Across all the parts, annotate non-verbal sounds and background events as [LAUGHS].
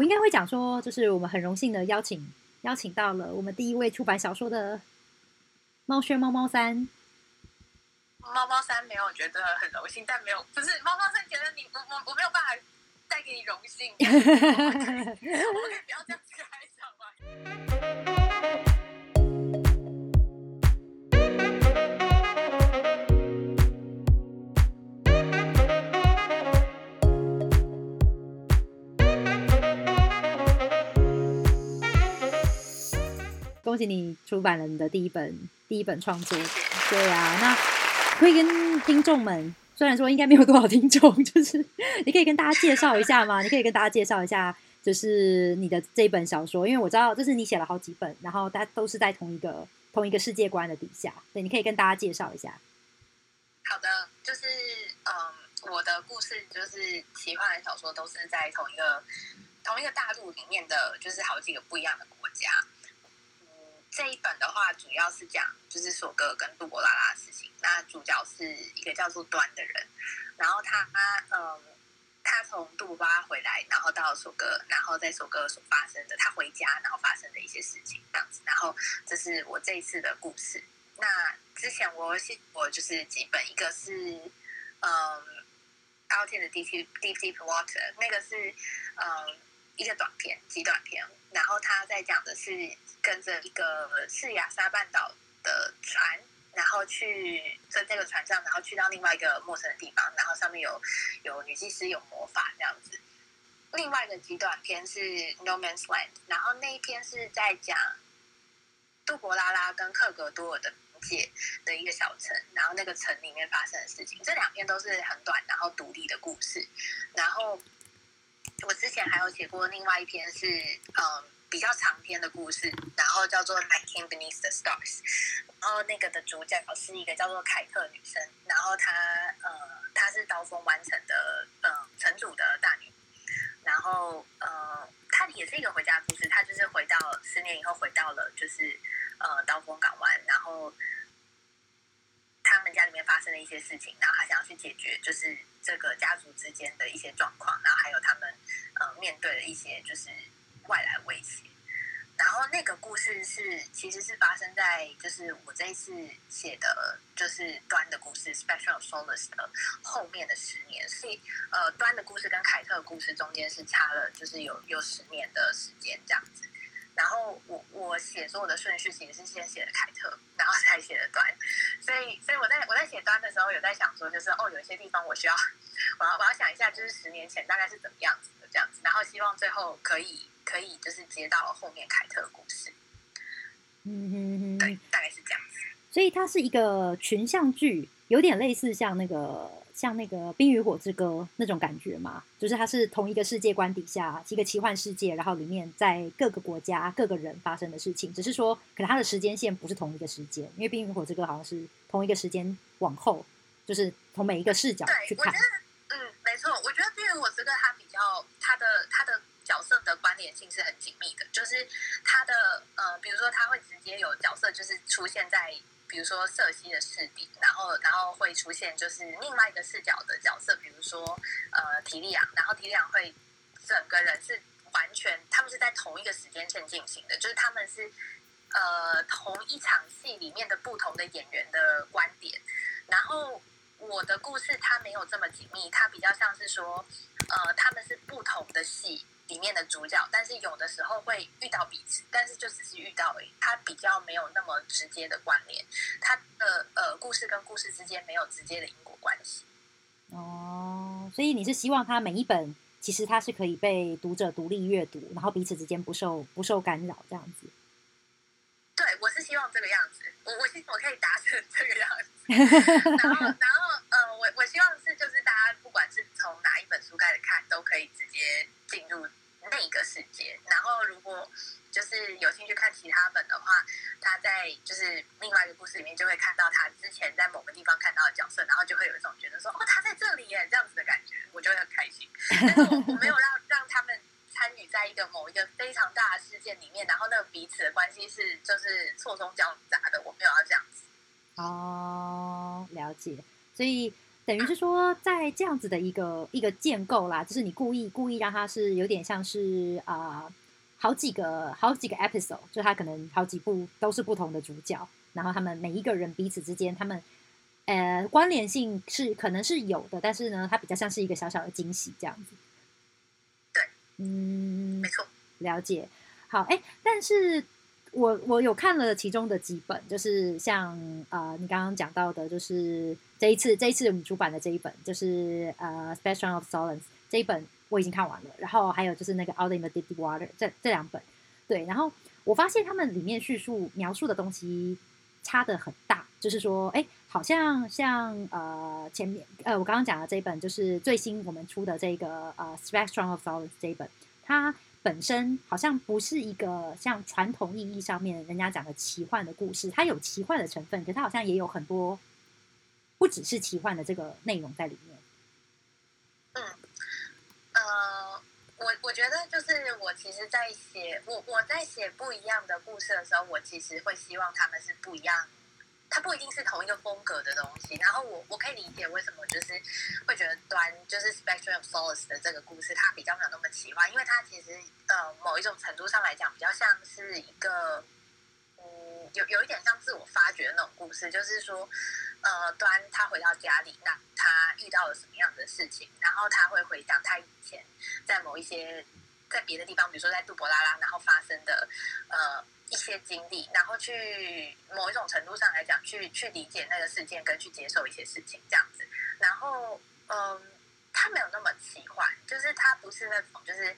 我應該會講說，就是我們很榮幸的邀請，邀請到了我們第一位出版小說的貓靴貓貓三。貓貓三沒有覺得很榮幸，但沒有不是貓貓三覺得你我我沒有辦法帶給你榮幸， [LAUGHS] 貓貓三，我們可以不要這樣子開場嗎？恭喜你出版了你的第一本第一本創作。謝謝。對啊，那可以跟聽眾們，雖然說應該沒有多少聽眾，就是你可以跟大家介紹一下嗎？你可以跟大家介紹一, [LAUGHS] 一下，就是你的這一本小說，因為我知道，就是你寫了好幾本，然後大家都是在同一個同一個世界觀的底下，對，你可以跟大家介紹一下。好的，就是嗯，我的故事就是奇幻的小說，都是在同一個同一個大陸裡面的，就是好幾個不一樣的國家。這一本的話，主要是講就是索哥跟杜博拉拉的事情。那主角是一個叫做端的人，然後他嗯，他從杜巴拉回來，然後到索哥，然後在索哥所發生的，他回家然後發生的一些事情這樣子。然後這是我這一次的故事。那之前我寫我就是幾本，一個是嗯，Out in the Deep Deep Deep Water，那個是嗯一個短片，極短片。然後他在講的是跟着一個是亞沙半島的船，然後去在這個船上，然後去到另外一個陌生的地方，然後上面有有女祭司有魔法這樣子。另外的極短篇是《No Man's Land》，然後那一篇是在講杜博拉拉跟克格多爾的冥界的一個小城，然後那個城裡面發生的事情。這兩篇都是很短，然後獨立的故事。然後。我之前還有寫過另外一篇是，嗯，比較長篇的故事，然後叫做《My King Beneath the Stars》，然後那個的主角是一個叫做凱特女生，然後她，呃，她是刀鋒灣城的，嗯、呃，城主的大女，然後，呃，她也是一個回家的故事，她就是回到十年以後回到了，就是，呃，刀鋒港灣，然後。家裡面發生的一些事情，然後他想要去解決，就是這個家族之間的一些狀況，然後還有他們呃面對的一些就是外來威脅。然後那個故事是其實是發生在就是我這一次寫的，就是端的故事 （Special s o e 的後面的十年，所以呃端的故事跟凱特的故事中間是差了就是有有十年的時間這樣子。然後我我寫作的順序其實是先寫的凱特，然後才寫的端，所以所以我在我在寫端的時候有在想說，就是哦，有一些地方我需要我要我要想一下，就是十年前大概是怎麼樣子的這樣子，然後希望最後可以可以就是接到了後面凱特的故事，嗯哼哼對，大概是這樣子，所以它是一個群像劇，有點類似像那個。像那個《冰與火之歌》那種感覺嘛，就是它是同一個世界觀底下一個奇幻世界，然後裡面在各個國家、各個人發生的事情，只是說，可能它的時間線不是同一個時間，因為《冰與火之歌》好像是同一個時間往後，就是從每一個視角去看。對，我覺得，嗯，沒錯，我覺得《冰與火之歌》它比較它的它的角色的關聯性是很緊密的，就是它的呃，比如說它會直接有角色就是出現在。比如說瑟西的視頻，然後然後會出現就是另外一個視角的角色，比如說呃提利昂，然後提利昂會整個人是完全，他們是在同一個時間線進行的，就是他們是呃同一場戲裡面的不同的演員的觀點，然後我的故事它沒有這麼緊密，它比較像是說呃他們是不同的戲。裡面的主角，但是有的時候會遇到彼此，但是就只是遇到而已。他比較沒有那麼直接的關聯，他的呃故事跟故事之間沒有直接的因果關係。哦，所以你是希望他每一本其實他是可以被讀者獨立閱讀，然後彼此之間不受不受干擾這樣子。對，我是希望這個樣子。我我希我可以達成這個樣子。 [LAUGHS] [LAUGHS] 然後然後呃，我我希望是就是大家不管是從哪一本書開始看，都可以直接進入。一個世界。然後，如果就是有興趣看其他本的話，他在就是另外一個故事裡面，就會看到他之前在某個地方看到的角色，然後就會有一種覺得說：“哦，他在這裡耶”這樣子的感覺，我就會很開心。但是，我我沒有讓讓他們參與在一個某一個非常大的事件裡面，然後那個彼此的關係是就是錯綜交雜的，我沒有要這樣子。哦，了解。所以。等於是說，在這樣子的一個一個建構啦，就是你故意故意讓他是有點像是啊、呃，好幾個好幾個 episode，就他可能好幾部都是不同的主角，然後他們每一個人彼此之間，他們呃關聯性是可能是有的，但是呢，它比較像是一個小小的驚喜這樣子。對，嗯，沒錯，了解。好，哎，但是。我我有看了其中的幾本，就是像呃你剛剛講到的，就是這一次這一次我們出版的這一本，就是呃《Spectrum of Solace》這一本我已經看完了，然後還有就是那個《Out in the Deep Water》這這兩本，對，然後我發現他們裡面敘述描述的東西差得很大，就是說哎，好像像呃前面呃我剛剛講的這一本就是最新我們出的這個呃《Spectrum of Solace》這一本，它。本身好像不是一個像傳統意義上面人家講的奇幻的故事，它有奇幻的成分，但它好像也有很多不只是奇幻的這個內容在裡面。嗯，呃，我我覺得就是我其實在寫，我我在寫不一樣的故事的時候，我其實會希望他們是不一樣的。它不一定是同一個風格的東西，然後我我可以理解為什麼就是會覺得端，就是《Spectrum of Solace》的這個故事，它比較沒有那麼奇幻，因為它其實呃某一種程度上來講比較像是一個嗯有有一點像自我發掘的那種故事，就是說呃端他回到家裡，那他遇到了什麼樣的事情，然後他會回想他以前在某一些在別的地方，比如說在杜博拉拉，然後發生的呃。一些經歷，然後去某一種程度上來講，去去理解那個事件跟去接受一些事情這樣子。然後，嗯，他沒有那麼奇幻，就是他不是那種，就是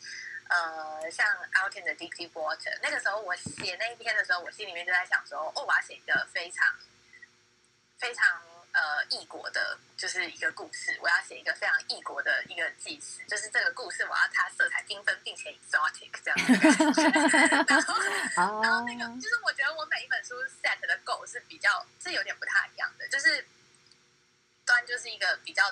呃，像《Out in the Deep, Deep Water》那個時候，我寫那一篇的時候，我心裡面就在想說，哦，我要寫一個非常非常，非常呃，異國的就是一個故事，我要寫一個非常異國的一個紀實，就是這個故事我要它色彩繽紛，並且 exotic 這樣 [LAUGHS] [LAUGHS] 然後，uh... 然後那個，就是我覺得我每一本書 set 的 goal 是比較是有點不太一樣的，就是端就是一個比較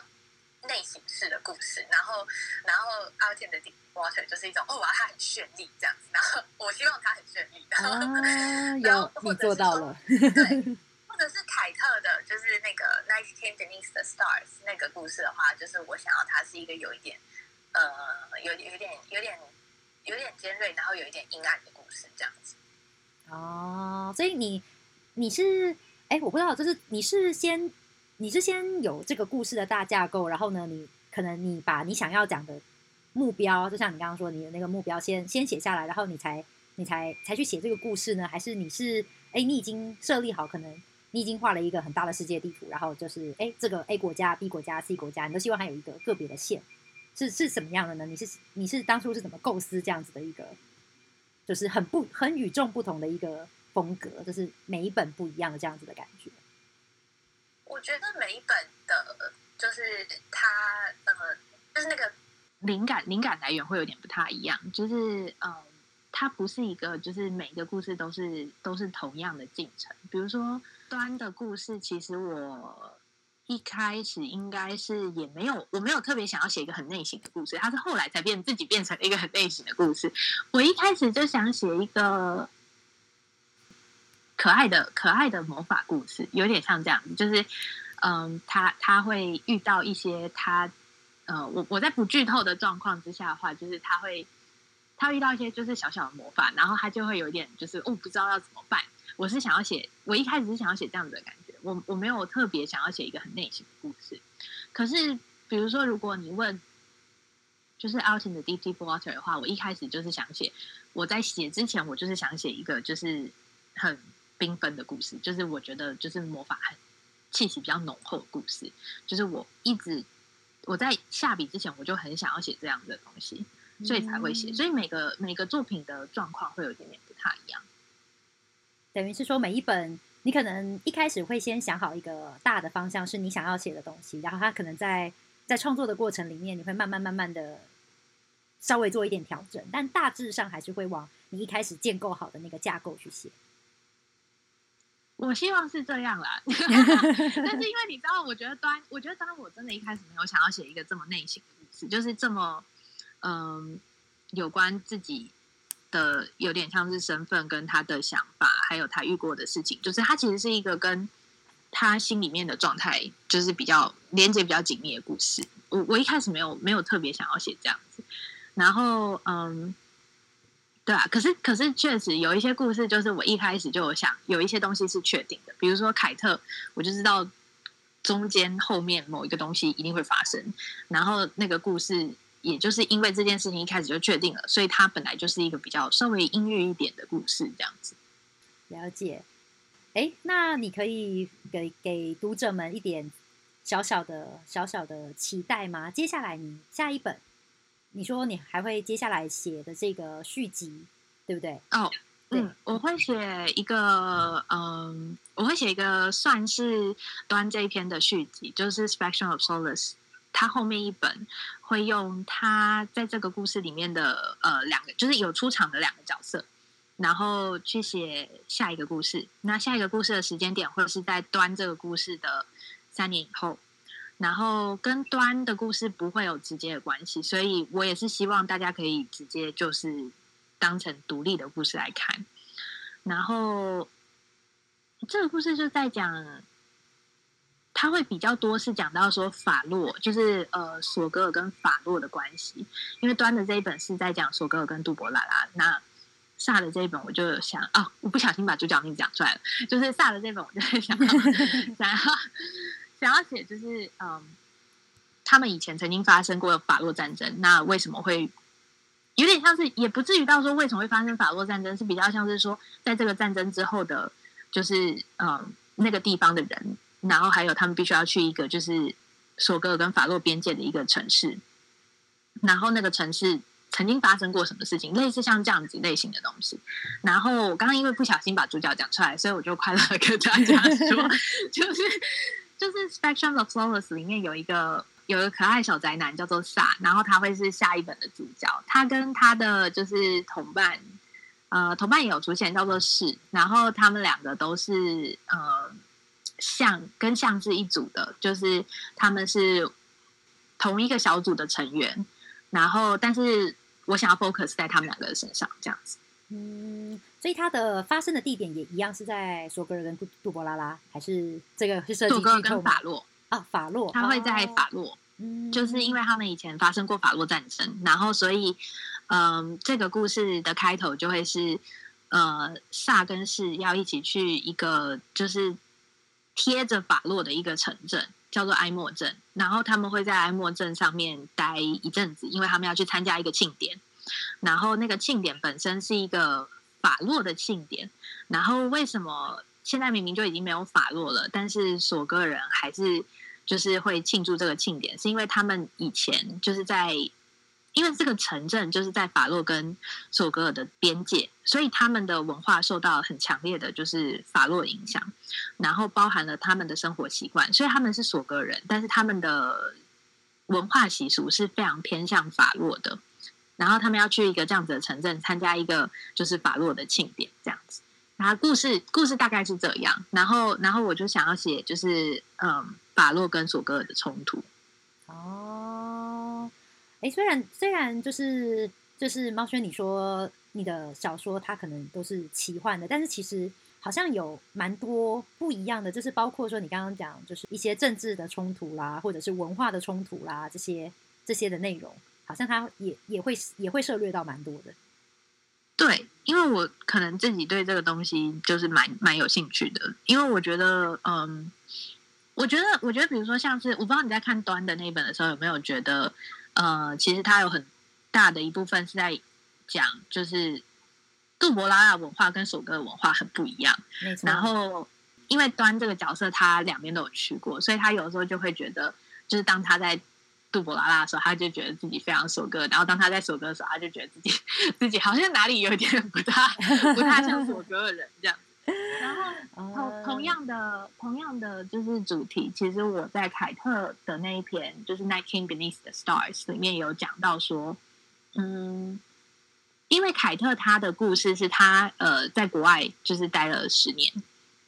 內型式的故事，然後，然後《Out in the Deep Water》就是一種，哦，我要它很絢麗這樣子，然後我希望它很絢麗，然後，啊、uh...，然後，或者是說，你做到了對。 [LAUGHS] 可是凱特的，就是那個《Night Came Beneath the Stars》那個故事的話，就是我想要它是一個有一點呃有有點有點有點尖銳，然後有一點陰暗的故事這樣子。哦，所以你你是哎、欸，我不知道，就是你是先你是先有這個故事的大架構，然後呢，你可能你把你想要講的目標，就像你剛剛說你的那個目標先，先先寫下來，然後你才你才才去寫這個故事呢？還是你是哎、欸、你已經設立好可能？你已經畫了一個很大的世界地圖，然後就是，誒，這個 A 國家、B 國家、C 國家，你都希望還有一個個別的線，是是什麼樣的呢？你是你是當初是怎麼構思這樣子的一個，就是很不很與眾不同的一個風格，就是每一本不一樣的這樣子的感覺。我覺得每一本的，就是它呃，就是那個靈感靈感來源會有點不太一樣，就是嗯。呃它不是一個，就是每一個故事都是都是同樣的進程。比如說端的故事，其實我一開始應該是也沒有，我沒有特別想要寫一個很類型的故事，它是後來才變自己變成了一個很類型的故事。我一開始就想寫一個可愛的可愛的魔法故事，有點像這樣，就是嗯，他他會遇到一些他呃，我我在不劇透的狀況之下的話，就是他會。他遇到一些就是小小的魔法，然後他就會有一點就是哦，不知道要怎麼辦。我是想要寫，我一開始是想要寫這樣子的感覺。我我沒有特別想要寫一個很內心的故事。可是比如說，如果你問就是《Out in the Deep, Deep Water》的話，我一開始就是想寫。我在寫之前，我就是想寫一個就是很繽紛的故事，就是我覺得就是魔法很氣息比較濃厚的故事。就是我一直我在下筆之前，我就很想要寫這樣的東西。所以才會寫，所以每個每個作品的狀況會有一點點不太一樣。嗯，等於是說，每一本你可能一開始會先想好一個大的方向，是你想要寫的東西，然後它可能在在創作的過程裡面，你會慢慢慢慢的稍微做一點調整，但大致上還是會往你一開始建構好的那個架構去寫。我希望是這樣啦， [LAUGHS] [LAUGHS] 但是因為你知道，我覺得當我覺得當我真的一開始沒有想要寫一個這麼內省的故事，就是這麼。嗯，有關自己的有點像是身份，跟他的想法，還有他遇過的事情，就是他其實是一個跟他心裡面的狀態就是比較連接比較緊密的故事。我我一開始沒有沒有特別想要寫這樣子，然後嗯，對啊，可是可是確實有一些故事，就是我一開始就有想有一些東西是確定的，比如說凱特，我就知道中間後面某一個東西一定會發生，然後那個故事。也就是因為這件事情一開始就確定了，所以它本來就是一個比較稍微陰鬱一點的故事這樣子。了解。哎，那你可以給給讀者們一點小小的小小的期待嗎？接下來你下一本，你說你還會接下來寫的這個續集，對不對？哦對，嗯，我會寫一個，嗯，我會寫一個算是端這一篇的續集，就是《Spectrum of Solace》。他後面一本會用他在這個故事裡面的呃兩個，就是有出場的兩個角色，然後去寫下一個故事。那下一個故事的時間點會是在端這個故事的三年以後，然後跟端的故事不會有直接的關係，所以我也是希望大家可以直接就是當成獨立的故事來看。然後這個故事就在講。他會比較多是講到說法洛，就是呃索格爾跟法洛的關係，因為端的這一本是在講索格爾跟杜伯拉拉。那薩的這一本，我就想啊、哦，我不小心把主角名講出來了，就是薩的這本，我就是想想要 [LAUGHS] 想要寫，就是嗯、呃，他們以前曾經發生過法洛戰爭，那為什麼會有點像是也不至於到說為什麼會發生法洛戰爭，是比較像是說在這個戰爭之後的，就是嗯、呃、那個地方的人。然後還有他們必須要去一個就是索格爾跟法洛邊界的一個城市，然後那個城市曾經發生過什麼事情，類似像這樣子類型的東西。然後我剛剛因為不小心把主角講出來，所以我就快樂跟大家說，就 [LAUGHS] 是就是《就是、Spectrum of Solace》裡面有一個有一個可愛小宅男叫做薩，然後他會是下一本的主角，他跟他的就是同伴，呃，同伴也有出現叫做是，然後他們兩個都是呃。像跟像是一組的，就是他們是同一個小組的成員，然後但是我想要 focus 在他們兩個人身上這樣子。嗯，所以它的發生的地點也一樣是在索格爾跟杜杜博拉拉，還是這個是設計？索格爾跟法洛啊，法洛，他會在法洛，法洛，就是因為他們以前發生過法洛戰爭，嗯、然後所以嗯、呃，這個故事的開頭就會是呃，薩根氏要一起去一個就是。貼着法洛的一個城鎮叫做埃莫鎮，然後他們會在埃莫鎮上面待一陣子，因為他們要去參加一個慶典。然後那個慶典本身是一個法洛的慶典。然後為什麼現在明明就已經沒有法洛了，但是索格人還是就是會慶祝這個慶典？是因為他們以前就是在。因為這個城鎮就是在法洛跟索格爾的邊界，所以他們的文化受到很強烈的，就是法洛影響，然後包含了他們的生活習慣，所以他們是索格爾人，但是他們的文化習俗是非常偏向法洛的。然後他們要去一個這樣子的城鎮參加一個就是法洛的慶典這樣子。然後故事故事大概是這樣，然後然後我就想要寫就是嗯法洛跟索格爾的衝突。哦。哎、欸，雖然雖然就是就是貓靴，你說你的小說它可能都是奇幻的，但是其實好像有蠻多不一樣的，就是包括說你剛剛講，就是一些政治的衝突啦，或者是文化的衝突啦，這些這些的內容，好像它也也會也會涉獵到蠻多的。對，因為我可能自己對這個東西就是蠻蠻有興趣的，因為我覺得，嗯，我覺得我覺得，比如說像是，我不知道你在看端的那一本的時候有沒有覺得。呃，其實他有很大的一部分是在講，就是杜博拉拉文化跟首歌的文化很不一樣。然後因為端這個角色，他兩邊都有去過，所以他有的時候就會覺得，就是當他在杜博拉拉的時候，他就覺得自己非常首歌，然後當他在首歌的時候，他就覺得自己自己好像哪裡有點不大不太像首歌的人這樣。 [LAUGHS] [LAUGHS] 然後同同樣的同樣的就是主題，其實我在凱特的那一篇就是《Nighting Beneath the Stars》裡面有講到說，嗯，因為凱特她的故事是她呃在國外就是待了十年，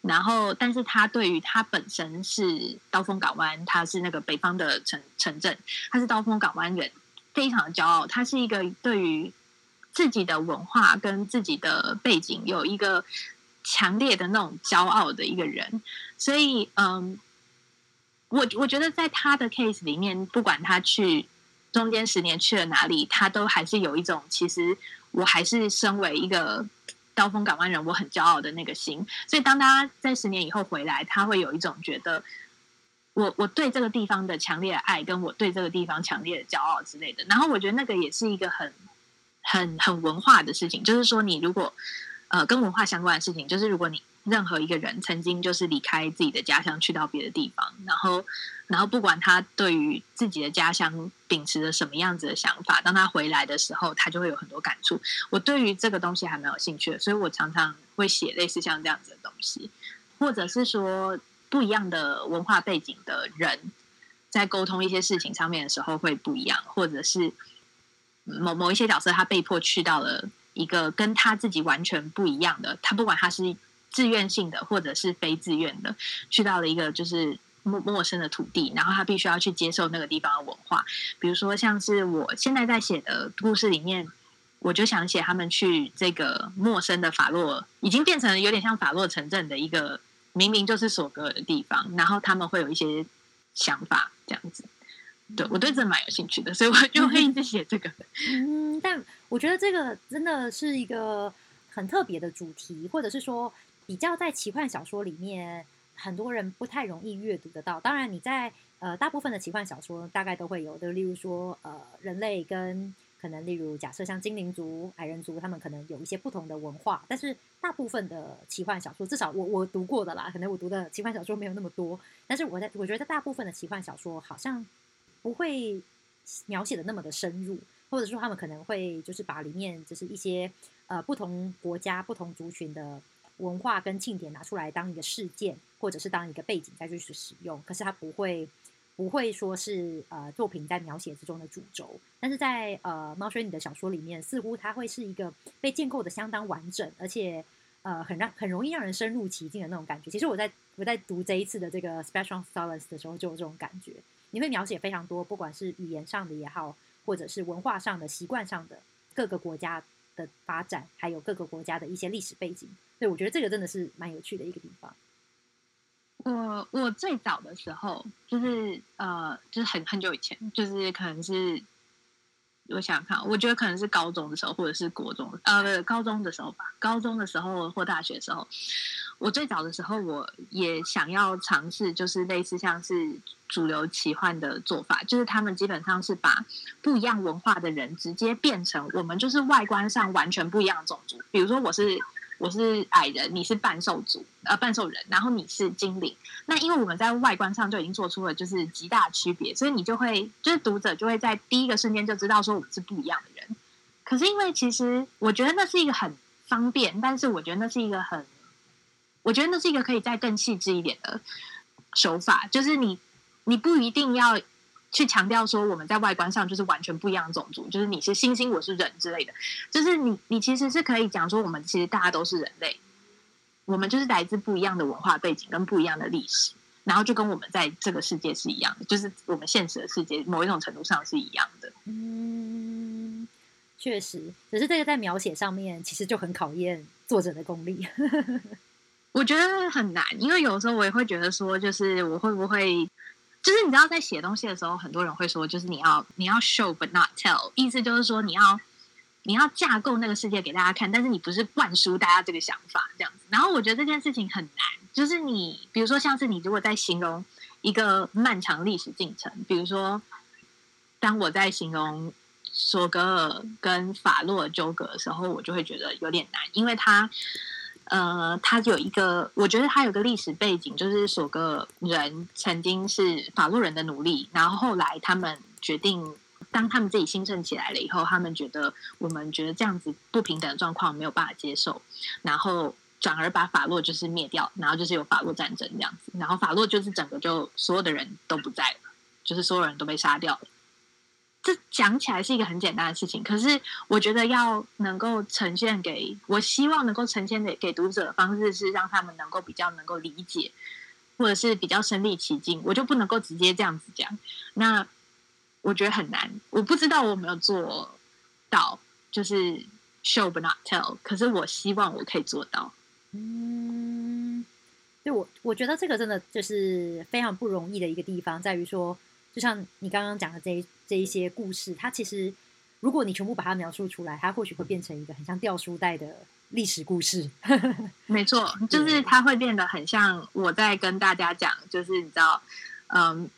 然後但是她對於她本身是刀鋒港灣，她是那個北方的城城鎮，她是刀鋒港灣人，非常的驕傲，她是一個對於自己的文化跟自己的背景有一個。強烈的那種驕傲的一個人，所以嗯，我我覺得在他的 case 裡面，不管他去中間十年去了哪裡，他都還是有一種，其實我還是身為一個刀鋒港灣人，我很驕傲的那個心。所以當他在十年以後回來，他會有一種覺得，我我對這個地方的強烈的愛，跟我對這個地方強烈的驕傲之類的。然後我覺得那個也是一個很很很文化的事情，就是說你如果。呃，跟文化相關的事情，就是如果你任何一個人曾經就是離開自己的家鄉去到別的地方，然後，然後不管他對於自己的家鄉秉持着什麼樣子的想法，當他回來的時候，他就會有很多感觸。我對於這個東西還蠻有興趣的，所以我常常會寫類似像這樣子的東西，或者是說不一樣的文化背景的人在溝通一些事情上面的時候會不一樣，或者是某某一些角色他被迫去到了。一個跟他自己完全不一樣的，他不管他是自願性的或者是非自願的，去到了一個就是陌陌生的土地，然後他必須要去接受那個地方的文化。比如說，像是我現在在寫的故事裡面，我就想寫他們去這個陌生的法洛，已經變成了有點像法洛城鎮的一個明明就是索格爾的地方，然後他們會有一些想法這樣子。對，我對這蠻有興趣的，所以我就會一直寫這個。 [LAUGHS] 嗯，但我覺得這個真的是一個很特別的主題，或者是說比較在奇幻小說裡面，很多人不太容易閱讀得到。當然，你在呃大部分的奇幻小說大概都會有，就例如說呃人類跟可能例如假設像精靈族、矮人族，他們可能有一些不同的文化。但是大部分的奇幻小說，至少我我讀過的啦，可能我讀的奇幻小說沒有那麼多，但是我在我覺得大部分的奇幻小說好像。不會描寫的那麼的深入，或者說他們可能會就是把裡面就是一些呃不同國家、不同族群的文化跟慶典拿出來當一個事件，或者是當一個背景再去使用。可是他不會不會說是呃作品在描寫之中的主軸，但是在呃貓靴你的小說裡面，似乎他會是一個被建構的相當完整，而且呃很讓很容易讓人深入其境的那種感覺。其實我在我在讀這一次的這個 Spectrum of Solace 的時候就有這種感覺。你會描寫非常多，不管是語言上的也好，或者是文化上的、習慣上的，各個國家的發展，還有各個國家的一些歷史背景。所以我覺得這個真的是蠻有趣的一個地方。我我最早的時候就是呃，就是很很久以前，就是可能是我想想看，我覺得可能是高中的時候，或者是國中呃，高中的時候吧，高中的時候或大學的時候。我最早的時候，我也想要嘗試，就是類似像是主流奇幻的做法，就是他們基本上是把不一樣文化的人直接變成我們，就是外觀上完全不一樣的種族。比如說，我是我是矮人，你是半獸族呃、半獸人，然後你是精靈。那因為我們在外觀上就已經做出了就是極大區別，所以你就會就是讀者就會在第一個瞬間就知道說我們是不一樣的人。可是因為其實我覺得那是一個很方便，但是我覺得那是一個很。我覺得那是一個可以再更細緻一點的手法，就是你你不一定要去強調說我們在外觀上就是完全不一樣的種族，就是你是猩猩，我是人之類的，就是你你其實是可以講說我們其實大家都是人類，我們就是來自不一樣的文化背景跟不一樣的歷史，然後就跟我們在這個世界是一樣的，就是我們現實的世界某一種程度上是一樣的。嗯，確實，只是這個在描寫上面其實就很考驗作者的功力。呵呵我覺得很難，因為有時候我也會覺得說，就是我會不會，就是你知道，在寫東西的時候，很多人會說，就是你要你要 show but not tell，意思就是說你要你要架構那個世界給大家看，但是你不是灌輸大家這個想法這樣子。然後我覺得這件事情很難，就是你比如說，像是你如果在形容一個漫長歷史進程，比如說當我在形容索格爾跟法洛爾糾葛的時候，我就會覺得有點難，因為他。呃，他有一個，我覺得他有個歷史背景，就是所個人曾經是法洛人的奴隸，然後後來他們決定，當他們自己興盛起來了以後，他們覺得我們覺得這樣子不平等的狀況沒有辦法接受，然後轉而把法洛就是滅掉，然後就是有法洛戰爭這樣子，然後法洛就是整個就所有的人都不在了，就是所有人都被殺掉了。這講起來是一個很簡單的事情，可是我覺得要能夠呈現給我，希望能夠呈現給給讀者的方式是讓他們能夠比較能夠理解，或者是比較身臨其境，我就不能夠直接這樣子講。那我覺得很難，我不知道我有沒有做到，就是 show but not tell，可是我希望我可以做到。嗯，對，我我覺得這個真的就是非常不容易的一個地方，在於說。就像你剛剛講的這這一些故事，它其實如果你全部把它描述出來，它或許會變成一個很像掉書袋的歷史故事。 [LAUGHS] 沒錯，就是它會變得很像我在跟大家講，就是你知道，嗯，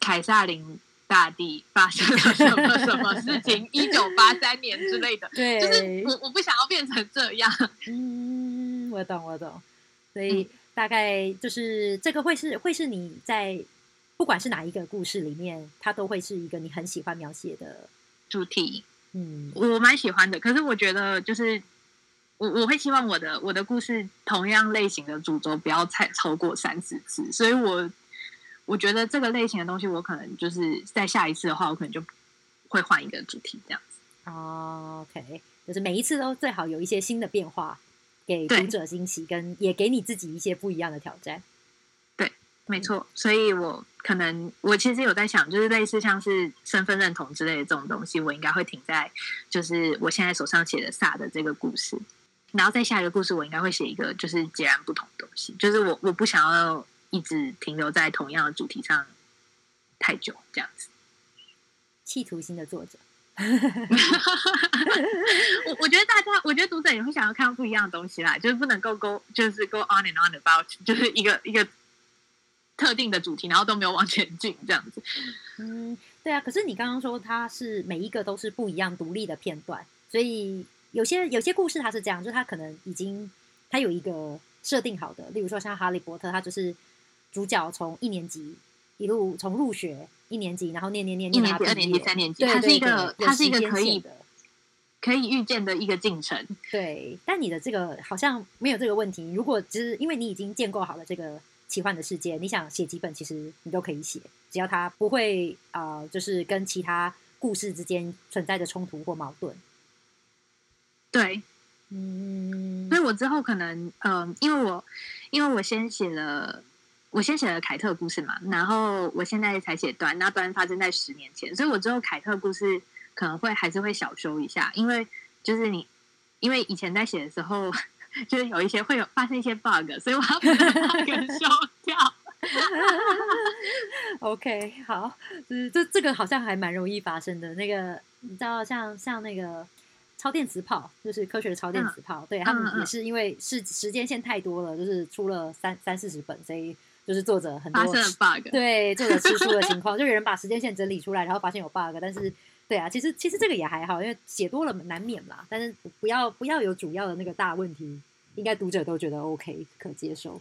凱薩琳大帝發生了什麼什麼事情，一九八三年之類的。對，就是我我不想要變成這樣。嗯，我懂我懂。所以、嗯、大概就是這個會是會是你在。不管是哪一個故事裡面，它都會是一個你很喜歡描寫的主題。嗯，我蠻喜歡的。可是我覺得，就是我我會希望我的我的故事同樣類型的主軸不要再超過三四次。所以我我覺得這個類型的東西，我可能就是在下一次的話，我可能就會換一個主題這樣子。哦，oh，OK，就是每一次都最好有一些新的變化，給讀者驚喜，跟也給你自己一些不一樣的挑戰。沒錯，所以我可能我其實有在想，就是類似像是身份認同之類的這種東西，我應該會停在就是我現在手上寫的薩的這個故事，然後再下一個故事，我應該會寫一個就是截然不同的東西，就是我我不想要一直停留在同樣的主題上太久，這樣子。企圖性的作者， [LAUGHS] [LAUGHS] 我我覺得大家我覺得讀者也會想要看不一樣的東西啦，就是不能夠 go 就是 go on and on about，就是一個一個。特定的主題，然後都沒有往前進，這樣子。嗯，對啊。可是你剛剛說它是每一個都是不一樣、獨立的片段，所以有些有些故事它是這樣，就它是可能已經它有一個設定好的，例如說像哈利波特，它就是主角從一年級一路從入學一年級，然後念念念念到二年級、三年級，它是一個它是一個可以的，可以預見的一個進程。對，但你的這個好像沒有這個問題。如果只是因為你已經建構好了這個。奇幻的世界，你想寫幾本，其實你都可以寫，只要它不會啊、呃，就是跟其他故事之間存在著衝突或矛盾。對，嗯，所以我之後可能，嗯，因為我因為我先寫了，我先寫了凱特故事嘛，然後我現在才寫端，那端發生在十年前，所以我之後凱特故事可能會還是會小修一下，因為就是你，因為以前在寫的時候。就是有一些會有發生一些 bug，所以我要把它給收掉。 [LAUGHS] [LAUGHS] OK，好，這、就是、這個好像還蠻容易發生的。那個你知道，像像那個超電磁炮，就是科學的超電磁炮，嗯、對嗯嗯他們也是因為是時間線太多了，就是出了三三四十本，所以就是作者很多發生了 bug，對作者出錯的情況， [LAUGHS] 就有人把時間線整理出來，然後發現有 bug，但是。對啊，其實其實這個也還好，因為寫多了難免嘛。但是不要不要有主要的那個大問題，應該讀者都覺得 OK，可接受。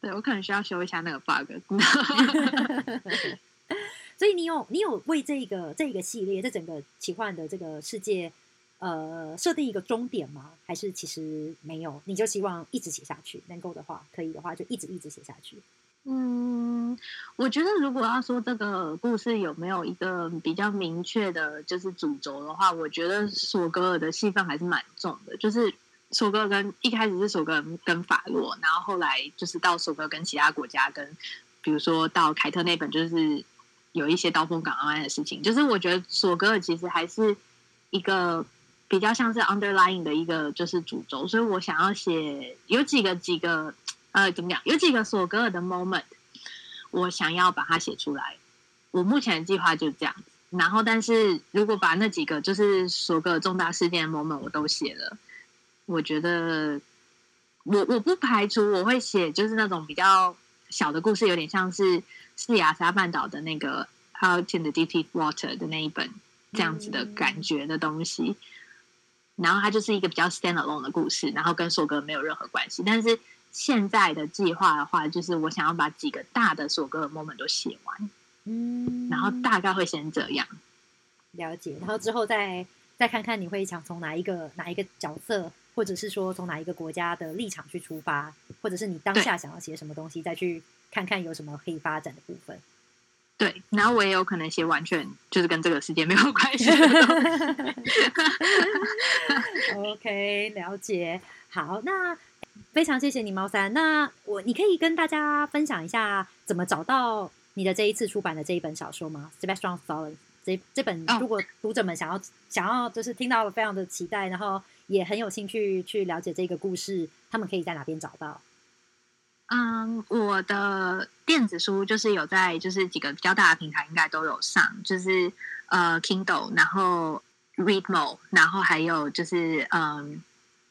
對，我可能需要修一下那個 bug。 [LAUGHS] [LAUGHS] 所以你有你有為這個這個系列這整個奇幻的這個世界呃設定一個終點嗎？還是其實沒有？你就希望一直寫下去？能夠的話，可以的話就一直一直寫下去。嗯，我覺得如果要說這個故事有沒有一個比較明確的，就是主軸的話，我覺得索格爾的戲份還是蠻重的。就是索格爾跟一開始是索格爾跟法洛，然後後來就是到索格爾跟其他國家，跟比如說到凱特那本，就是有一些刀鋒港灣的事情。就是我覺得索格爾其實還是一個比較像是 underlying 的一個就是主軸，所以我想要寫有幾個幾個。呃，怎麼講？有幾個索格爾的 moment，我想要把它寫出來。我目前的計劃就是這樣子。然後，但是如果把那幾個就是索格爾重大事件的 moment 我都寫了，我覺得我我不排除我會寫就是那種比較小的故事，有點像是斯雅撒半島的那個 How to the Deep, Deep Water 的那一本這樣子的感覺的東西。Mm -hmm. 然後它就是一個比較 stand alone 的故事，然後跟索格沒有任何關係。但是現在的計劃的話，就是我想要把幾個大的所格 moment 都寫完，嗯，然後大概會先這樣了解，然後之後再再看看你會想從哪一個哪一個角色，或者是說從哪一個國家的立場去出發，或者是你當下想要寫什麼東西，再去看看有什麼可以發展的部分。對，然後我也有可能寫完全就是跟這個世界沒有關係。 [LAUGHS] [LAUGHS] OK，了解。好，那。非常謝謝你，貓靴。那我，你可以跟大家分享一下怎麼找到你的這一次出版的這一本小說嗎？《Spectrum of Solace》這這本，如果讀者們想要想要就是聽到了非常的期待，然後也很有興趣去了解這個故事，他們可以在哪邊找到？嗯、um，我的電子書就是有在就是幾個比較大的平台應該都有上，就是呃 Kindle，然後 Readmoo，然後還有就是嗯。呃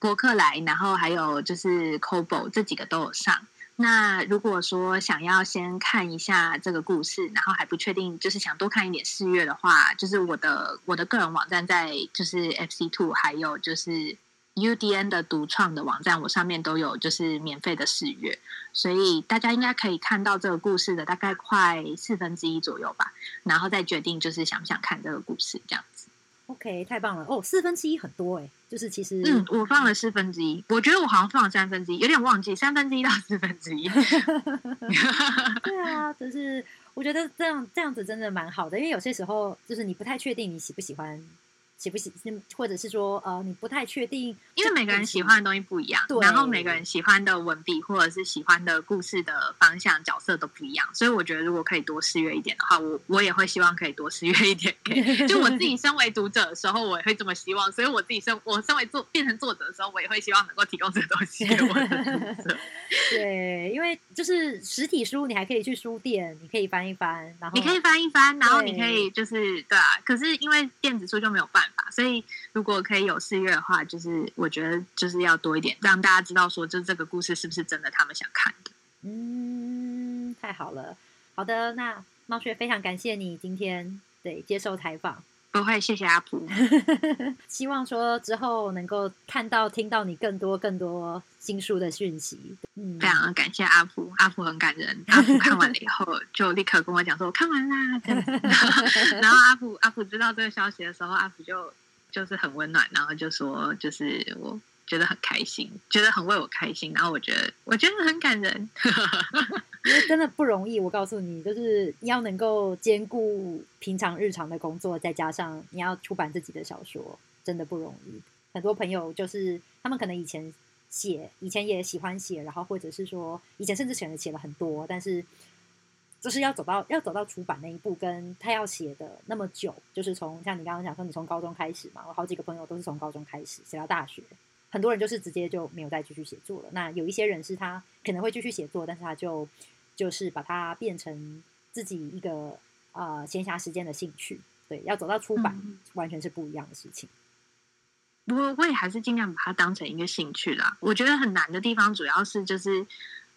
博客來，然後還有就是 Kobo 這幾個都有上。那如果說想要先看一下這個故事，然後還不確定，就是想多看一點試閱的話，就是我的我的個人網站在就是 FC2，還有就是 U D N 的讀創的網站，我上面都有就是免費的試閱。所以大家應該可以看到這個故事的大概快四分之一左右吧，然後再決定就是想不想看這個故事這樣。OK，太棒了哦，四分之一很多哎，欸，就是其實嗯，我放了四分之一，我覺得我好像放了三分之一，有點忘記，三分之一到四分之一， [LAUGHS] [LAUGHS] 對啊，就是我覺得這樣這樣子真的蠻好的，因為有些時候就是你不太確定你喜不喜歡。喜不喜歡，或者是說，呃，你不太確定，因為每個人喜歡的東西不一樣，對，然後每個人喜歡的文筆或者是喜歡的故事的方向、角色都不一樣，所以我覺得如果可以多試閱一點的話，我我也會希望可以多試閱一點給。就我自己身為讀者的時候，我也會這麼希望， [LAUGHS] 所以我自己身我身為作變成作者的時候，我也會希望能夠提供這個東西。 [LAUGHS] [LAUGHS] 對，因為就是實體書，你還可以去書店，你可以翻一翻，然後你可以翻一翻，然後你可以就是對，對啊，可是因為電子書就沒有辦法。所以，如果可以有試閱的話，就是我覺得就是要多一點，讓大家知道說，就這個故事是不是真的，他們想看的。嗯，太好了。好的，那貓靴，非常感謝你今天對接受採訪。不會，謝謝阿普。 [LAUGHS] 希望說之後能夠看到、聽到你更多、更多新書的訊息。嗯，非常感謝阿普，阿普很感人。阿普看完了以後， [LAUGHS] 就立刻跟我講說：“我看完啦。”然後，然後阿普阿普知道這個消息的時候，阿普就就是很溫暖，然後就說：“就是我。”覺得很開心，覺得很為我開心，然後我覺得我覺得很感人， [LAUGHS] 因為真的不容易。我告訴你，就是你要能夠兼顧平常日常的工作，再加上你要出版自己的小說，真的不容易。很多朋友就是他們可能以前寫，以前也喜歡寫，然後或者是說以前甚至寫了寫了很多，但是就是要走到要走到出版那一步，跟他要寫的那麼久，就是從像你剛剛講說，你從高中開始嘛，我好幾個朋友都是從高中開始寫到大學。很多人就是直接就沒有再繼續寫作了。那有一些人是他可能會繼續寫作，但是他就就是把它變成自己一個啊呃、閒暇時間的興趣。對，要走到出版，嗯、完全是不一樣的事情。不過我也還是盡量把它當成一個興趣啦。我覺得很難的地方主要是就是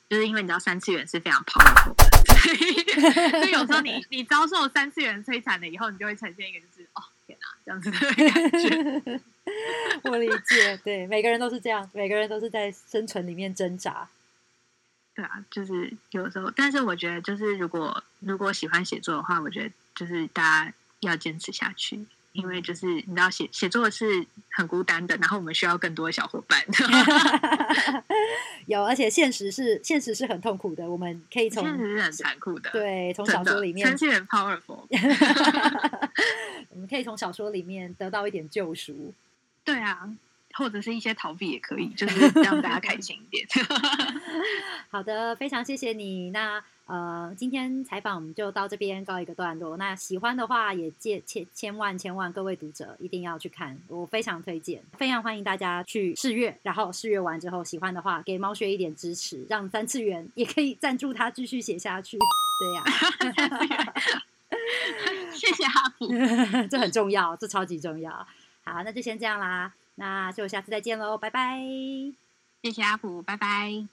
就是因為你知道三次元是非常泡沫的，所以， [LAUGHS] 所以有時候你你遭受三次元摧殘了以後，你就會呈現一個就是哦天哪、啊、這樣子的感覺。 [LAUGHS] 我理解，對，每個人都是這樣，每個人都是在生存裡面掙扎。對啊，就是有時候，但是我覺得，就是如果如果喜歡寫作的話，我覺得就是大家要堅持下去，因為就是你知道，寫寫作是很孤單的，然後我們需要更多小夥伴。 [LAUGHS] 有，而且現實是現實是很痛苦的，我們可以從現實是很殘酷的，對，從小說裡面真的很 powerful， [LAUGHS] [LAUGHS] 我們可以從小說裡面得到一點救贖。對啊，或者是一些逃避也可以，就是讓大家開心一點。 [LAUGHS] [LAUGHS] 好的，非常謝謝你。那呃，今天採訪我們就到這邊告一個段落。那喜歡的話也借千萬千萬千萬，各位讀者一定要去看，我非常推薦，非常歡迎大家去試閱。然後試閱完之後喜歡的話，給貓靴一點支持，讓三次元也可以贊助他繼續寫下去。對呀、啊， [LAUGHS] 三次元 [LAUGHS] 謝謝哈普 [LAUGHS] 這很重要，這超級重要。好，那就先這樣啦，那就下次再見嘍，拜拜。謝謝阿普，拜拜。